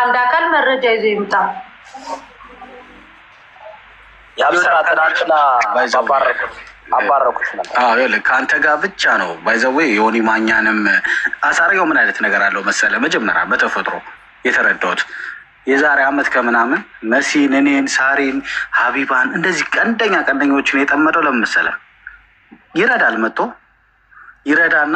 አንድ አካል መረጃ ይዞ ይምጣ። የአብስራ ትናንትና አባረኩት ነበር ከአንተ ጋር ብቻ ነው። ባይዘዌ የሆኒ ማኛንም አሳርገው ምን አይነት ነገር አለው መሰለ መጀመሪያ በተፈጥሮ የተረዳሁት የዛሬ አመት ከምናምን መሲን፣ እኔን፣ ሳሪን፣ ሀቢባን እንደዚህ ቀንደኛ ቀንደኞችን የጠመደው ለምን መሰለ ይረዳል መጥቶ ይረዳና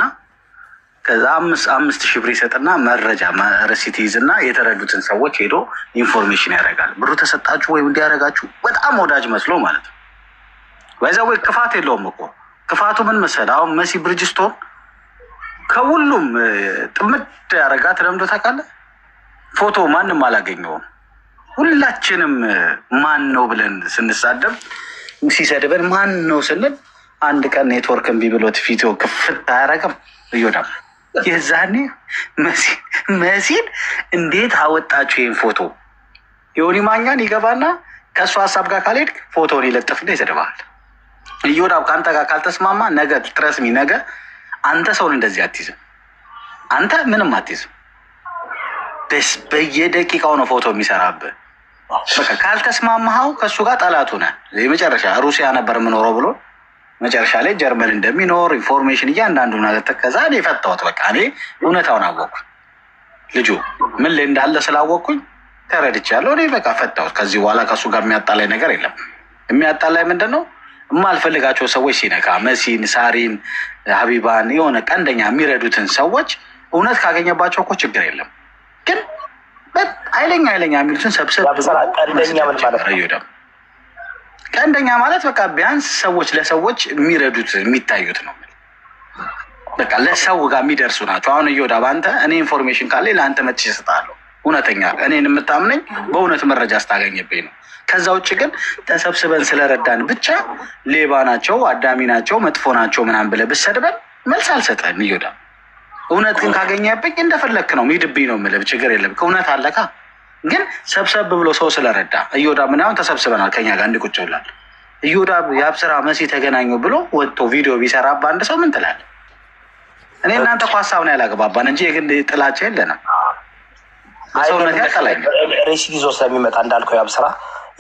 ከዛ አምስት አምስት ሺህ ብር ይሰጥና መረጃ ረሲት ይዝና የተረዱትን ሰዎች ሄዶ ኢንፎርሜሽን ያደርጋል። ብሩ ተሰጣችሁ ወይም እንዲያደርጋችሁ በጣም ወዳጅ መስሎ ማለት ነው። በዛ ወይ ክፋት የለውም እኮ ክፋቱ ምን መሰል አሁን መሲ ብርጅስቶን ከሁሉም ጥምድ ያደረጋ ተለምዶ ታውቃለህ። ፎቶ ማንም አላገኘውም። ሁላችንም ማን ነው ብለን ስንሳደብ ሲሰድበን ማን ነው ስንል አንድ ቀን ኔትወርክ እምቢ ብሎት ፊትዮ ክፍት አያረግም እዮዳም የዛኔ መሲን እንዴት አወጣችሁ ይህን ፎቶ? የሆኒ ማኛን ይገባና ከእሱ ሀሳብ ጋር ካልሄድክ ፎቶን ይለጥፍና ይሰድባል። እዮዳብ ከአንተ ጋር ካልተስማማ ነገ ትረስሚ ነገ አንተ ሰውን እንደዚህ አትይዝም። አንተ ምንም አትይዝም። በየደቂቃው ነው ፎቶ የሚሰራብህ። በቃ ካልተስማማኸው ከእሱ ጋር ጠላቱ ነህ። የመጨረሻ ሩሲያ ነበር የምኖረው ብሎ መጨረሻ ላይ ጀርመን እንደሚኖር ኢንፎርሜሽን እያንዳንዱ ነገር ከዛ እኔ የፈታሁት በቃ እኔ እውነታውን አወቅኩኝ። ልጁ ምን ላይ እንዳለ ስላወቅኩኝ ተረድቻለሁ። እኔ በቃ ፈታሁት። ከዚህ በኋላ ከእሱ ጋር የሚያጣላይ ነገር የለም። የሚያጣላይ ምንድን ነው? የማልፈልጋቸው ሰዎች ሲነካ መሲን፣ ሳሪን፣ ሀቢባን የሆነ ቀንደኛ የሚረዱትን ሰዎች እውነት ካገኘባቸው እኮ ችግር የለም። ግን ኃይለኛ ኃይለኛ የሚሉትን ሰብሰብ ቀንደኛ ምን ማለት ነው? ቀንደኛ ማለት በቃ ቢያንስ ሰዎች ለሰዎች የሚረዱት የሚታዩት ነው። በቃ ለሰው ጋር የሚደርሱ ናቸው። አሁን እየወዳ በአንተ እኔ ኢንፎርሜሽን ካለ ለአንተ መች እሰጥሃለሁ። እውነተኛ እኔን የምታምነኝ በእውነት መረጃ ስታገኝብኝ ነው። ከዛ ውጭ ግን ተሰብስበን ስለረዳን ብቻ ሌባ ናቸው፣ አዳሚ ናቸው፣ መጥፎ ናቸው ምናምን ብለህ ብሰድበን መልስ አልሰጠህም። እየወዳ እውነት ግን ካገኘብኝ እንደፈለክ ነው ሂድብኝ ነው የምልህ። ችግር የለም እውነት አለካ ግን ሰብሰብ ብሎ ሰው ስለረዳ እዮዳ ምናምን ተሰብስበናል ከኛ ጋር እንዲቁጭ ብላል እዮዳ የአብስራ መሲ ተገናኙ ብሎ ወጥቶ ቪዲዮ ቢሰራ በአንድ ሰው ምን ትላል? እኔ እናንተ እኮ ሀሳብ ነው ያላገባባን እንጂ የግል ጥላቸው የለንም። ሬሲ ይዞ ስለሚመጣ እንዳልከው የአብስራ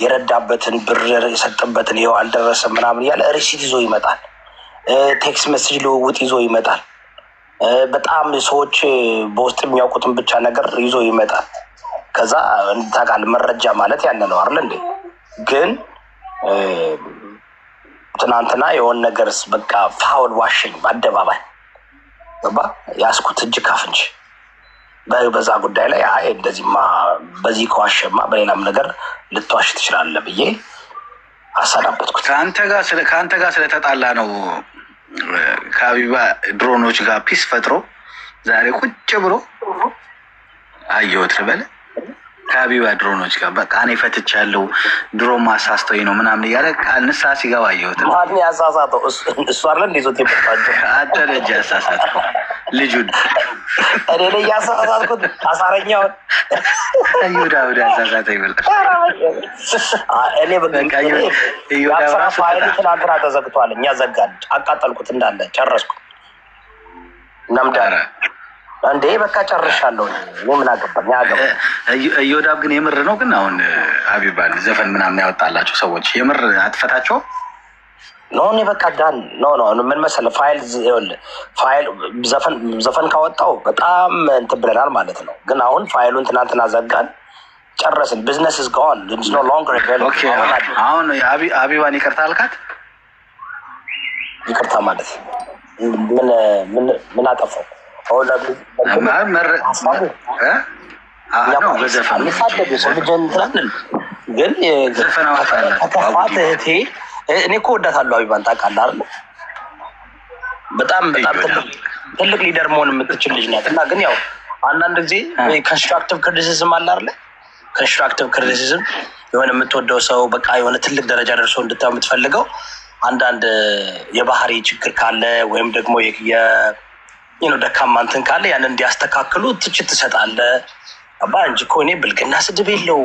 የረዳበትን ብር የሰጥበትን ይኸው አልደረሰም ምናምን እያለ ሬሲት ይዞ ይመጣል። ቴክስ መስጅ ልውውጥ ይዞ ይመጣል። በጣም ሰዎች በውስጥ የሚያውቁትን ብቻ ነገር ይዞ ይመጣል። ከዛ ታውቃለህ፣ መረጃ ማለት ያለ ነው አይደል እንዴ? ግን ትናንትና የሆን ነገርስ በቃ ፋውል ዋሸኝ በአደባባይ ገባ ያስኩት እጅ ካፍንች በዛ ጉዳይ ላይ አይ እንደዚህማ በዚህ ከዋሸማ በሌላም ነገር ልትዋሽ ትችላለ ብዬ አሰናበትኩት። ከአንተ ጋር ስለተጣላ ነው ከአቢባ ድሮኖች ጋር ፒስ ፈጥሮ ዛሬ ቁጭ ብሎ አየሁት ልበል ከሀቢባ ድሮኖች ጋር በቃ እኔ ፈትቻለሁ፣ ድሮ ማሳስተኝ ነው ምናምን እያለ ቃል ንስሐ ሲገባ አየሁት። ያሳሳተው እሱ አለ እንዲዞት አንተ ልጅ ያሳሳትከው ልጁን እኔ ላይ ያሳሳትኩት አሳረኛውን ይሁዳ ወደ ያሳሳተ ይበል እኔ በቃ ትናንትና ተዘግቷል። እኛ ዘጋን፣ አቃጠልኩት እንዳለ ጨረስኩ እናምዳረ እንዴ በቃ ጨርሻለሁ። እኔ ምን አገባኝ? ያገባ እዮዳብ ግን የምር ነው። ግን አሁን አቢባል ዘፈን ምናምን ያወጣላቸው ሰዎች የምር አትፈታቸው ኖ እኔ በቃ ዳን ኖ ኖ ምን መሰለ ፋይል ፋይል ዘፈን ዘፈን ካወጣው በጣም እንትን ብለናል ማለት ነው። ግን አሁን ፋይሉን ትናንትና ዘጋን ጨረስን። ቢዝነስ ኢዝ ጎን ኢትስ ኖ ሎንገር ኦኬ። አሁን አቢባን ይቅርታ አልካት። ይቅርታ ማለት ምን ምን ምን አጠፋው ግን በጣም ትልቅ ሊደር መሆን የምትችል ልጅ ናት። እና ግን ያው አንዳንድ ጊዜ ኮንስትራክቲቭ ክሪቲሲዝም አለ አይደል? ኮንስትራክቲቭ ክሪቲሲዝም የሆነ የምትወደው ሰው በቃ የሆነ ትልቅ ደረጃ ደርሶ የምትፈልገው አንዳንድ የባህሪ ችግር ካለ ወይም ደግሞ ደካማ እንትን ካለ ያን እንዲያስተካክሉ ትችት ትሰጣለ። አባ እንጂ እኮ እኔ ብልግና ስድብ የለው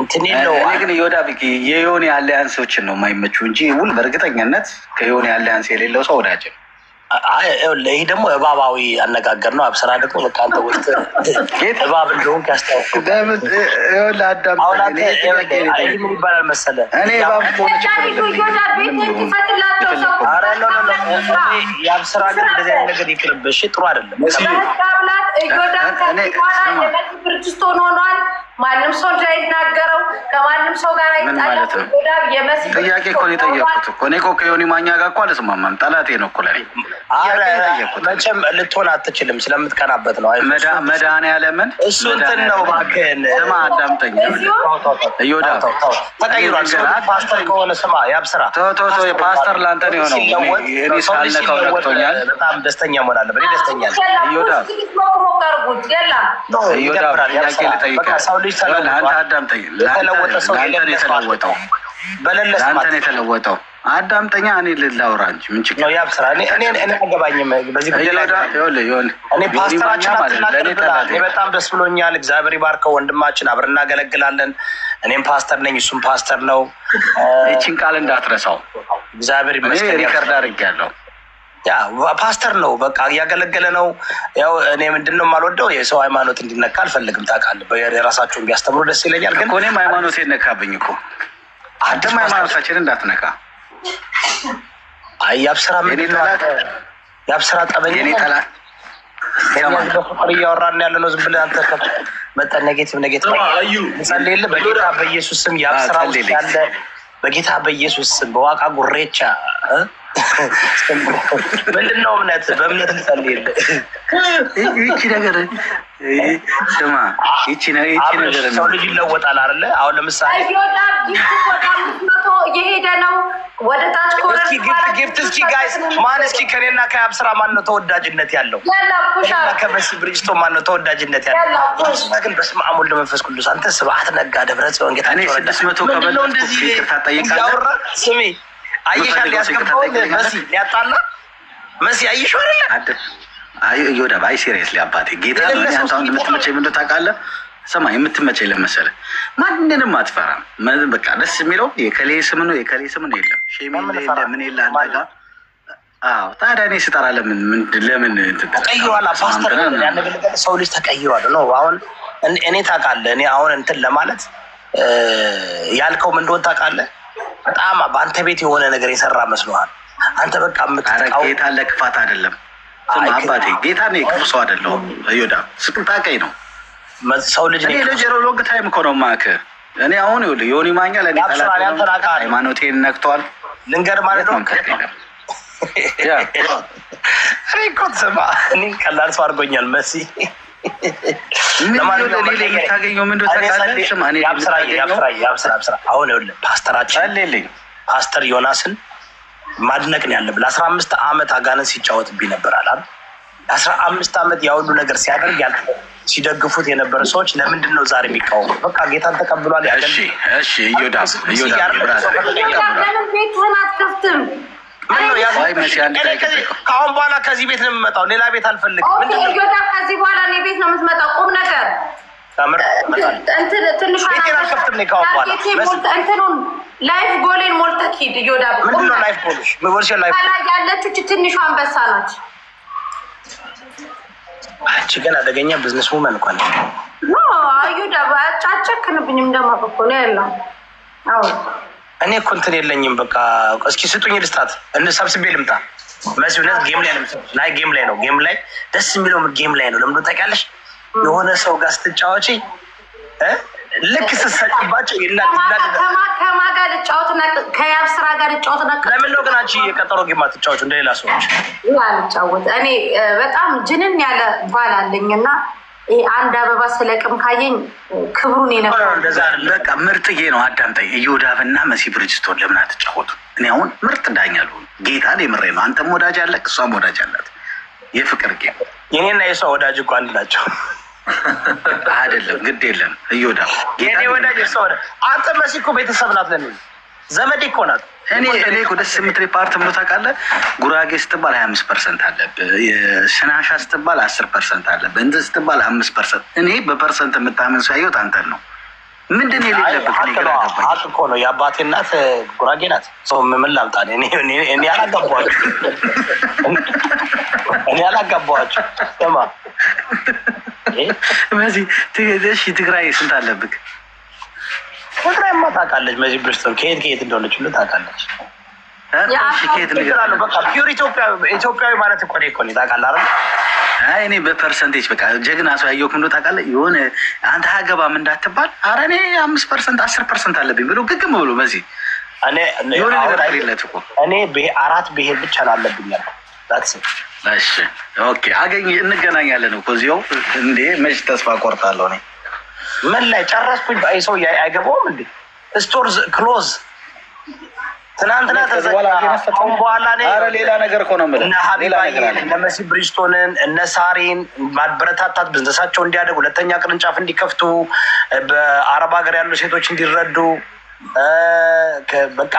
እንትን የለው። እኔ ግን ዮዳ ብ የዮኔ አሊያንሶችን ነው የማይመቹ እንጂ ውል በእርግጠኛነት ከዮኔ አሊያንስ የሌለው ሰው ወዳጅ ነው። ይህ ደግሞ እባባዊ አነጋገር ነው። አብስራ ደግሞ በቃ አንተ ውስጥ እባብ እንደሆን ያስታውቅሁን ይባላል መሰለ የአብስራ ግን እንደዚህ ነገር ይቅርብሽ፣ ጥሩ አይደለም። ማንም ሰው እንዳይናገረው ከማንም ሰው ጋር ማለት ነው። ጥያቄ እኮ ነው የጠየኩት እኮ እኔ እኮ ከዮኒ ማኛ ጋር እኮ አልስማማም። ጠላቴ ነው እኮ ለእኔ መቼም ልትሆን አትችልም። ስለምትቀናበት ነው። መድኃኒዓለምን እሱ እንትን ነው። እባክህን ስማ፣ አዳምጠኝ። ተቀይሯል። ፓስተር ከሆነ ስማ፣ ያብስራ ፓስተር ለአንተ ነው የሆነው። እኔ ሳልነካው ነቅቶኛል። በጣም ደስተኛ መሆን አለበት። እኔ ደስተኛ ልጅ ተለወጠ። አንተ ለአንተ ነው የተለወጠው። አዳምጠኛ እኔ ልላውራ እንጂ ምን ችግር ያብ ስራ እኔ እኔ እኔ አገባኝም ፓስተራችን በጣም ደስ ብሎኛል። እግዚአብሔር ይባርከው ወንድማችን፣ አብረን እናገለግላለን። እኔም ፓስተር ነኝ፣ እሱም ፓስተር ነው። ይችን ቃል እንዳትረሳው። እግዚአብሔር ይመስገን። ሪከርድ አድርጌያለሁ። ያ ፓስተር ነው፣ በቃ እያገለገለ ነው። ያው እኔ ምንድን ነው የማልወደው የሰው ሃይማኖት እንዲነካ አልፈልግም። ታውቃለህ፣ የራሳቸውን ቢያስተምሩ ደስ ይለኛል። ግን እኔም ሃይማኖት የነካብኝ እኮ አደም ሃይማኖታችን እንዳትነካ አይ የአብስራ የአብስራ ጠበኛ ፍቅር እያወራን ያለ ነው። ዝም ብለህ አንተ መጠን ኔጌቲቭ ኔጌቲቭ ጸልየለ በጌታ በኢየሱስ ስም የአብስራ ውስጥ ያለ በጌታ በኢየሱስ ስም በዋቃ ጉሬቻ ምንድን እምነት? በእምነት ልጸልይ የለ ይቺ ነገር ስማ፣ ይቺ ነገር ሰው ልጅ ይለወጣል አይደለ? አሁን ለምሳሌ የሄደ ነው ወደ ታች ጊፍት ጊፍት። እስኪ ጋይስ ማን እስኪ ከኔና ከያብ ማን ነው ተወዳጅነት ያለው? እና ብሪጅቶ ማን ነው ተወዳጅነት ያለው? ግን በስመ አብ ቅዱስ አንተ ስብሐት ነጋ ደብረ ጽዮን ጌታ ስድስት መቶ እንደዚህ ስሜ አይሻል መሲ ሊያጣላ መሲ አይ ጌታ ነው። አሁን የምትመቸኝ ምንድን ታውቃለህ? የምትመቸኝ ማንንም አትፈራም። በቃ ደስ የሚለው የከሌ ስም ነው የከሌ ስም ነው የለም ሼም የለ ምን የለ አንተ ጋር አዎ ታዲያ እኔ ስጠራ ለምን ለምን ተቀይሯል? ፓስተር ሰው ልጅ ተቀይሯል ነው። አሁን እኔ ታውቃለህ፣ እኔ አሁን እንትን ለማለት ያልከው ምን ታውቃለህ በጣም በአንተ ቤት የሆነ ነገር የሰራ መስሎሃል። አንተ በቃ የምትቃው ጌታ ለክፋት አይደለም አባቴ ጌታ ነው። ክፉ ሰው አይደለሁም። ዮዳ ስቅልታቀኝ ነው ሰው ልጅ ልጅ ሎግ ታይም እኮ ነው ማክ እኔ አሁን ይኸውልህ ዮኒ ማኛ ለእኔ ሃይማኖቴን ነክቷል። ልንገር ማለት ነው እኔ እኮ ስማ፣ እኔ ቀላል ሰው አድርጎኛል መሲ ፓስተር ዮናስን ማድነቅን ያለብን ለአስራ አምስት ዓመት አጋነን ሲጫወትብኝ ነበር አላል አስራ አምስት ዓመት ያሁሉ ነገር ሲያደርግ ያል ሲደግፉት የነበረ ሰዎች ለምንድን ነው ዛሬ የሚቃወሙ? በቃ ጌታን ተቀብሏል። እሺ እሺ፣ እዮዳ አትከፍትም ከአሁን በኋላ ከዚህ ቤት ነው የምመጣው። ሌላ ቤት አልፈልግም። ከዚህ በኋላ እኔ ቤት ነው የምትመጣው። ቁም ነገር ላይፍ ጎሌን ሞልተህ ሂድ። እዮዳ ያለችው ትንሿ አንበሳ ናት። አንቺ ግን አደገኛ ቢዝነስ ውመን እኮ ነሽ። አዩዳ አጨክንብኝም ደግሞ እኮ ነው ያለው እኔ እኮ እንትን የለኝም። በቃ እስኪ ስጡኝ ልስጣት፣ እንሰብስቤ ልምጣ። መስነት ጌም ላይ ነው ናይ ጌም ላይ ነው ጌም ላይ ደስ የሚለው ጌም ላይ ነው። ለምዶ ታውቂያለሽ፣ የሆነ ሰው ጋር ስትጫወቺ ልክ ስትሰጭባቸው ከማ ጋር ልጫወትና ከያብ ስራ ጋር ልጫወትና ለምን ነው ግን አንቺ የቀጠሮ ጌማ ትጫወች እንደሌላ ሰዎች? አልጫወት እኔ በጣም ጅንን ያለ ባል አለኝ እና አንድ አበባ ስለቅም ካየኝ ክብሩን ነዛ በቃ ምርጥዬ ነው። አዳምጠኝ። እዮዳብና መሲ ብርጅስቶን ለምን አትጫወቱ? እኔ አሁን ምርጥ ዳኛሉ ጌታ የምሬ ነው። አንተም ወዳጅ አለ፣ እሷም ወዳጅ አላት። የፍቅር ጌ የኔና የሷ ወዳጅ እኮ አንድ ናቸው። አይደለም ግድ የለም እዮዳብ ወዳጅ ሰ አንተ መሲ እኮ ቤተሰብ ናት፣ ለኔ ዘመዴ እኮ ናት። እኔ እኔ እኮ ደስ የምትለኝ ፓርት ምኖ ታውቃለህ፣ ጉራጌ ስትባል ሀያ አምስት ፐርሰንት አለብህ፣ ስናሻ ስትባል አስር ፐርሰንት አለብህ፣ እንትን ስትባል አምስት ፐርሰንት። እኔ በፐርሰንት የምታምን ሰው ያየሁት አንተን ነው። ምንድን ነው እኮ ነው። የአባቴ እናት ጉራጌ ናት። ሰው ምን ላምጣ? እኔ አላገባኋቸው፣ እኔ አላገባኋቸው። ስማ ትግራይ ስንት አለብህ? ቁጥሬማ ታውቃለች። መዚህ ብርስቶን ከየት ከየት እንደሆነች ሁሉ ታውቃለች። ፒውር ኢትዮጵያዊ ማለት እኮ እኮ ታውቃለህ አይደል? እኔ በፐርሰንቴጅ በቃ ጀግና ሰው ያየሁት ምንድን ታውቃለህ? የሆነ አንተ አገባም እንዳትባል አረ እኔ አምስት ፐርሰንት አስር ፐርሰንት አለብኝ ብሎ ግግም ብሎ መዚህ የሆነ ነገር አለለት እኮ እኔ አራት ብሄር ብቻ ላለብኝ ያልኩት እሺ ኦኬ፣ አገኝ እንገናኛለን እኮ እዚያው። እንዴ መች ተስፋ ቆርጣለሁ እኔ ምን ላይ ጨረስኩኝ። በአይ ሰው አይገባውም እንዴ ስቶር ክሎዝ ትናንትና ተዘጋሁን በኋላ ሌላ ነገር እኮ ነው እነ ሀቢባይን እነ መሲ ብሪጅቶንን እነ ሳሪን ማበረታታት ብዝነሳቸው እንዲያደግ ሁለተኛ ቅርንጫፍ እንዲከፍቱ በአረብ ሀገር ያሉ ሴቶች እንዲረዱ በቃ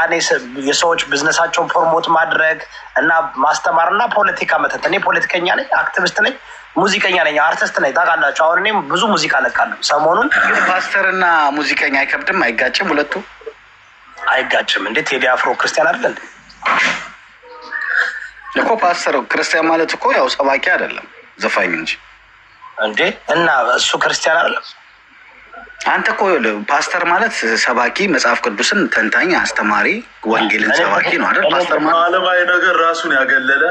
የሰዎች ብዝነሳቸውን ፕሮሞት ማድረግ እና ማስተማር እና ፖለቲካ መተት። እኔ ፖለቲከኛ ነኝ፣ አክቲቪስት ነኝ፣ ሙዚቀኛ ነኝ፣ አርቲስት ነኝ። ታውቃላችሁ፣ አሁን እኔ ብዙ ሙዚቃ ለቃለሁ ሰሞኑን። ፓስተር እና ሙዚቀኛ አይከብድም? አይጋጭም? ሁለቱ አይጋጭም። እንዴት ቴዲ አፍሮ ክርስቲያን አይደለ እኮ ፓስተር ክርስቲያን ማለት እኮ ያው ሰባኪ አይደለም ዘፋኝ እንጂ እንዴ። እና እሱ ክርስቲያን አይደለም አንተ እኮ ፓስተር ማለት ሰባኪ መጽሐፍ ቅዱስን ተንታኝ አስተማሪ ወንጌልን ሰባኪ ነው አይደል? ፓስተር ማለት ዓለማዊ ነገር ራሱን ያገለለ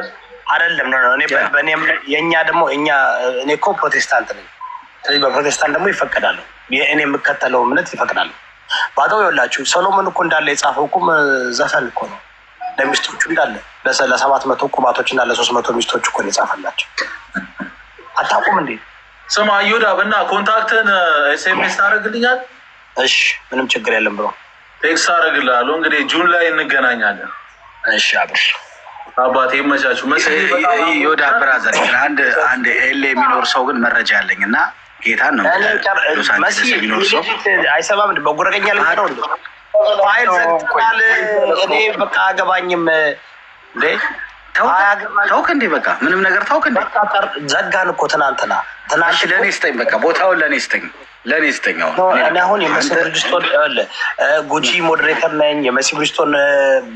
አይደለም ነው። እኔ የእኛ ደግሞ እኛ እኔ እኮ ፕሮቴስታንት ነኝ። ስለዚህ በፕሮቴስታንት ደግሞ ይፈቀዳሉ። እኔ የምከተለው እምነት ይፈቅዳሉ። ባጠው የወላችሁ ሰሎሞን እኮ እንዳለ የጻፈው እኮ ዘፈን እኮ ነው ለሚስቶቹ እንዳለ ለሰባት መቶ ቁባቶች እና ለሶስት መቶ ሚስቶች እኮ ነው የጻፈላቸው። አታውቁም እንዴ? ስማ ዮዳብ ብና ኮንታክትን ኤስኤምኤስ uh, ታደርግልኛል? እሺ ምንም ችግር የለም ብሎ ቴክስ አደርግልሃለሁ። እንግዲህ ጁን ላይ እንገናኛለን። እሺ አብር አባቴ ይመቻችሁ። ዮዳብ ብራዘር አንድ አንድ ኤሌ የሚኖር ሰው ግን መረጃ አለኝ እና ጌታን ነው ሎስ አንጀለስ የሚኖር ሰው አይሰማም። በጉረገኛ ል ፋይል ዘግተናል። እኔ በቃ አገባኝም እንዴ ታውቅ እንዴ? በቃ ምንም ነገር ታውቅ እንዴ? ዘጋን እኮ ትናንትና። ትናንት ለእኔ ስጠኝ፣ በቃ ቦታውን ለእኔ ስጠኝ። ለእኔ ስተኛው እኔ አሁን የመሲ ብርጅስቶን አለ ጉቺ ሞዴሬተር ነኝ። የመሲ ብርጅስቶን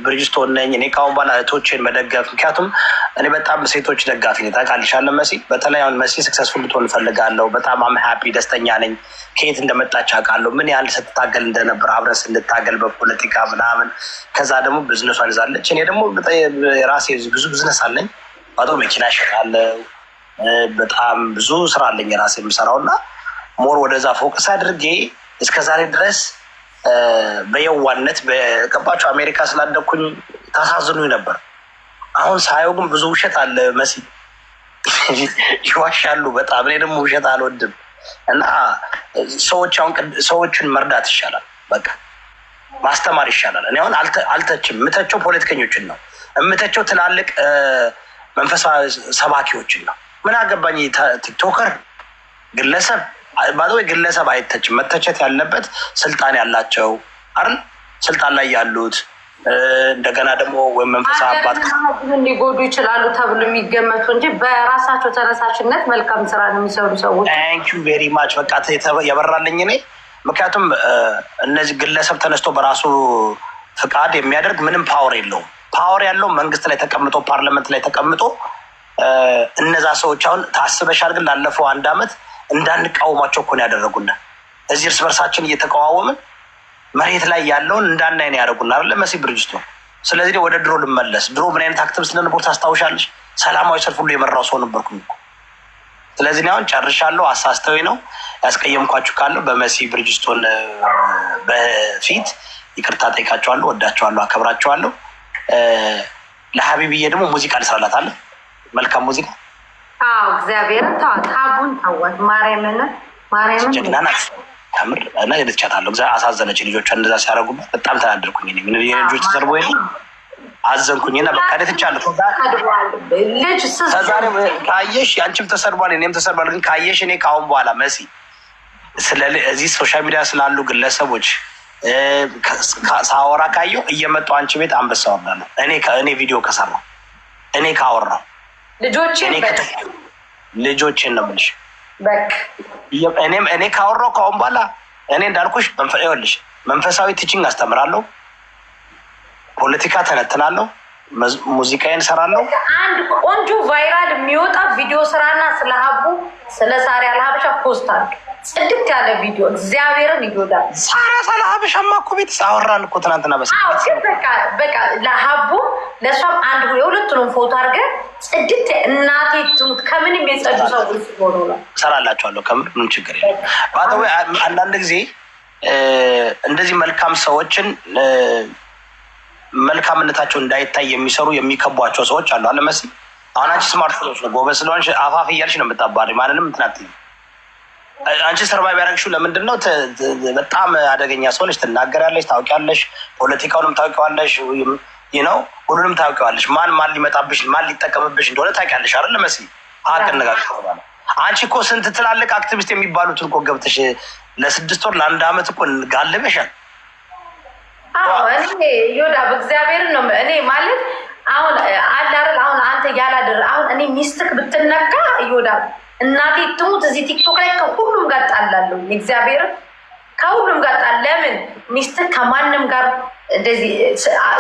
ብርጅስቶን ነኝ። እኔ ከአሁን በኋላ እህቶችን መደገፍ ምክንያቱም እኔ በጣም ሴቶች ደጋፊ ነኝ። ታውቃለሽ መሲ። በተለይ አሁን መሲ ስክሰስፉል ልትሆን እፈልጋለሁ። በጣም አም ሀፒ ደስተኛ ነኝ። ከየት እንደመጣች አውቃለሁ። ምን ያህል ስትታገል እንደነበር አብረን ስንታገል በፖለቲካ ምናምን፣ ከዛ ደግሞ ብዝነሷን ይዛለች። እኔ ደግሞ ራሴ ብዙ ብዝነስ አለኝ። ባዶ መኪና ይሸጣለው። በጣም ብዙ ስራ አለኝ ራሴ የምሰራው እና ሞር ወደዛ ፎቅስ አድርጌ እስከ ዛሬ ድረስ በየዋነት በቀባቸው አሜሪካ ስላደኩኝ ታሳዝኑኝ ነበር። አሁን ሳየው ግን ብዙ ውሸት አለ መሲ ይዋሻሉ በጣም። እኔ ደግሞ ውሸት አልወድም እና ሰዎች አሁን ሰዎችን መርዳት ይሻላል፣ በቃ ማስተማር ይሻላል። እኔ አሁን አልተችም። የምተቸው ፖለቲከኞችን ነው እምተቸው፣ ትላልቅ መንፈሳዊ ሰባኪዎችን ነው። ምን አገባኝ ቲክቶከር ግለሰብ ባዘ ግለሰብ አይተችም። መተቸት ያለበት ስልጣን ያላቸው አይደል ስልጣን ላይ ያሉት እንደገና ደግሞ ወይም መንፈሳ አባት ሊጎዱ ይችላሉ ተብሎ የሚገመቱ እንጂ በራሳቸው ተነሳሽነት መልካም ስራ የሚሰሩ ሰዎች ታንኪ ቬሪ ማች በቃ የበራልኝ እኔ ምክንያቱም እነዚህ ግለሰብ ተነስቶ በራሱ ፍቃድ የሚያደርግ ምንም ፓወር የለውም። ፓወር ያለው መንግስት ላይ ተቀምጦ ፓርላመንት ላይ ተቀምጦ እነዛ ሰዎች አሁን ታስበሻል፣ ግን ላለፈው አንድ አመት እንዳንቃወማቸው እኮ ነው ያደረጉና እዚህ እርስ በርሳችን እየተቃዋወምን መሬት ላይ ያለውን እንዳናይ ነው ያደረጉና አለ መሲ ብርጅስቶን። ስለዚህ ወደ ድሮ ልመለስ። ድሮ ምን አይነት አክትም ስንንቦር ታስታውሻለች? ሰላማዊ ሰልፍ ሁሉ የመራው ሰው ነበርኩ። ስለዚህ አሁን ጨርሻለሁ። አሳስተዊ ነው ያስቀየምኳችሁ ካለው በመሲ ብርጅስቶን በፊት ይቅርታ ጠይቃቸዋለሁ። ወዳቸዋለሁ፣ አከብራቸዋለሁ። ለሀቢብዬ ደግሞ ሙዚቃ ልስራላት አለ መልካም ሙዚቃ አዎ እግዚአብሔርን ተዋት፣ ሀቡን ተዋት። ማርያምን ማርያምን እና አሳዘነች። ልጆቿ እንደዛ ሲያደርጉበት በጣም ተናደድኩኝ። ምን ተሰርቦ አዘንኩኝ እና በቃ ካየሽ አንቺም ተሰርቧል፣ እኔም ተሰርቧል። ግን ካየሽ እኔ ከአሁን በኋላ መሲ እዚህ ሶሻል ሚዲያ ስላሉ ግለሰቦች ሳወራ ካየሁ እየመጡ አንቺ ቤት አንበሳ ወርዳለሁ እኔ ቪዲዮ ከሰራሁ እኔ ካወራሁ ልጆችን ልጆችን ነው የምልሽ። እኔም እኔ ካወራሁ ከአሁን በኋላ እኔ እንዳልኩሽ ይኸውልሽ መንፈሳዊ ቲችንግ አስተምራለሁ፣ ፖለቲካ ተነትናለሁ፣ ሙዚቃዬን ሰራለሁ። አንድ ቆንጆ ቫይራል የሚወጣ ቪዲዮ ስራና ስለ ሀቡ ስለ ሳሪያ ለሀበሻ ፖስት አሉ ጽድቅ ያለ ቪዲዮ እግዚአብሔርን ይጎዳል። ሳራ ሳላ ሀበሻማ እኮ ቤት አወራን እኮ ትናንትና በቃ በቃ ለሀቡ ለእሷም አንድ የሁለቱንም ፎቶ አድርገን ጽድት እናቴ ትሙት ከምንም የጸዱ ሰው ሆኖ ሰራላቸዋለሁ። ከምን ምን ችግር የለም። ባተወ አንዳንድ ጊዜ እንደዚህ መልካም ሰዎችን መልካምነታቸው እንዳይታይ የሚሰሩ የሚከቧቸው ሰዎች አሉ። አለመስል አሁን አንቺ ስማርት ስለሆንሽ ነው፣ ጎበዝ ስለሆንሽ አፋፍ እያልሽ ነው የምታባሪ ማንንም እንትን አትይም አንቺ ሰርቫይቭ ያደረግሽው ለምንድን ነው? በጣም አደገኛ ሰው ነች። ትናገራለች፣ ታውቂያለሽ፣ ፖለቲካውንም ታውቂዋለሽ፣ ነው ሁሉንም ታውቂዋለሽ። ማን ማን ሊመጣብሽ ማን ሊጠቀምብሽ እንደሆነ ታውቂያለሽ አይደል? መሲ ሀቅ እነጋገር አንቺ እኮ ስንት ትላልቅ አክቲቪስት የሚባሉትን እኮ ገብተሽ ለስድስት ወር ለአንድ አመት እኮ ጋልበሻል። እኔ ዮዳ በእግዚአብሔር ነው እኔ ማለት አሁን አላረል አሁን አንተ ያላደረ አሁን እኔ ሚስትክ ብትነካ ዮዳ እናቴ ትሙት እዚህ ቲክቶክ ላይ ከሁሉም ጋር ጣላለሁ። እግዚአብሔር ከሁሉም ጋር ጣል። ለምን ሚስት ከማንም ጋር እንደዚህ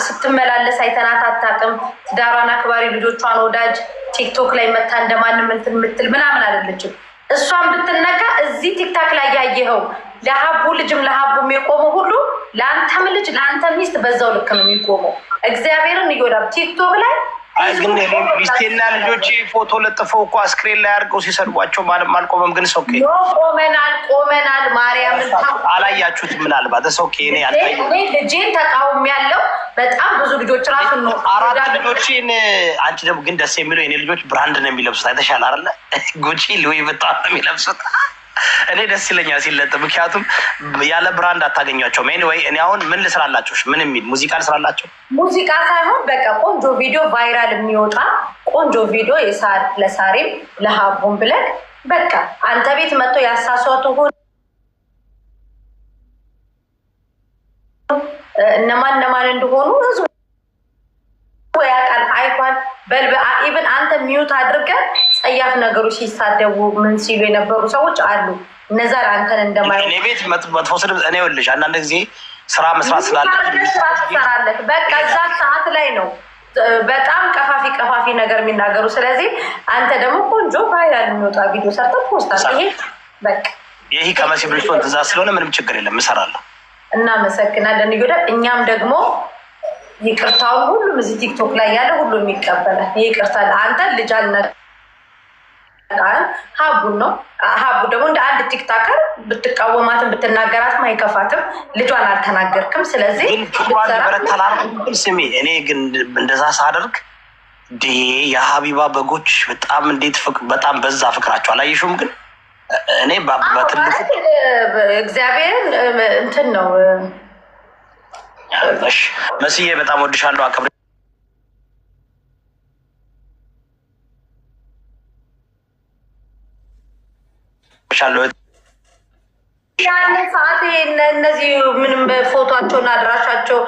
ስትመላለስ አይተናት አታውቅም። ትዳሯን አክባሪ፣ ልጆቿን ወዳጅ፣ ቲክቶክ ላይ መታ እንደማንም እንትን የምትል ምናምን አይደለችም። እሷን ብትነካ እዚህ ቲክታክ ላይ ያየኸው ለሀቡ ልጅም ለሀቡ የቆመ ሁሉ ለአንተም ልጅ ለአንተም ሚስት በዛው ልክ ነው የሚቆመው። እግዚአብሔርን እዮዳብ ቲክቶክ ላይ ሚስቴና ልጆች ፎቶ ለጥፈው እኮ አስክሬን ላይ አድርገው ሲሰድቧቸው ማለም አልቆመም። ግን ሰው ቆመናል ቆመናል። ማርያም አላያችሁት? ምናልባት ሰው ኔ ልጄን ተቃውም ያለው በጣም ብዙ ልጆች ራሱ ነው። አራት ልጆችን አንቺ ደግሞ ግን ደስ የሚለው የኔ ልጆች ብራንድ ነው የሚለብሱት። አይተሻል አለ ጉጪ ሉዊ በጣም ነው የሚለብሱት። እኔ ደስ ይለኛል ሲለጥ፣ ምክንያቱም ያለ ብራንድ አታገኟቸውም። ኤኒዌይ እኔ አሁን ምን ልስራላቸው? ምን የሚል ሙዚቃ ልስራላቸው? ሙዚቃ ሳይሆን በቃ ቆንጆ ቪዲዮ ቫይራል የሚወጣ ቆንጆ ቪዲዮ የሳር ለሳሬም ለሀቡን ብለን በቃ አንተ ቤት መጥቶ ያሳሷቱ ሆ እነማን እነማን እንደሆኑ ህዝቡ ያውቃል። አይኳን በልብ ኢቨን አንተ ሚዩት አድርገህ ጸያፍ ነገሮች ሲሳደቡ ምን ሲሉ የነበሩ ሰዎች አሉ። እነዛ ለአንተን እንደማይ እኔ ቤት መጥፎ ስድብ እኔ ይኸውልሽ፣ አንዳንድ ጊዜ ስራ መስራት ስላለስራትሰራለት በዛ ሰዓት ላይ ነው በጣም ቀፋፊ ቀፋፊ ነገር የሚናገሩ። ስለዚህ አንተ ደግሞ ቆንጆ ቫይራል የሚወጣ ቪዲዮ ሰርተ ፖስት ይሄ በቃ ይህ ከመሲ ብልሽቶን ትእዛዝ ስለሆነ ምንም ችግር የለም እሰራለሁ። እናመሰግናለን ይሁዳ። እኛም ደግሞ ይቅርታውን ሁሉም እዚህ ቲክቶክ ላይ ያለ ሁሉም ይቀበላል። ይቅርታል አንተ ልጅ አልነገ ሀቡን ነው። ሀቡ ደግሞ እንደ አንድ ቲክታከር ብትቃወማትም ብትናገራትም አይከፋትም። ልጇን አልተናገርክም። ስለዚህ ስሜ እኔ ግን እንደዛ ሳደርግ የሀቢባ በጎች በጣም እንዴት በጣም በዛ ፍቅራቸው አላየሹም። ግን እኔ በትልቁ እግዚአብሔርን እንትን ነው መስዬ በጣም ወድሻለሁ አከብ ያን ሰዓት እነዚህ ምንም ፎቶቸውን አድራሻቸው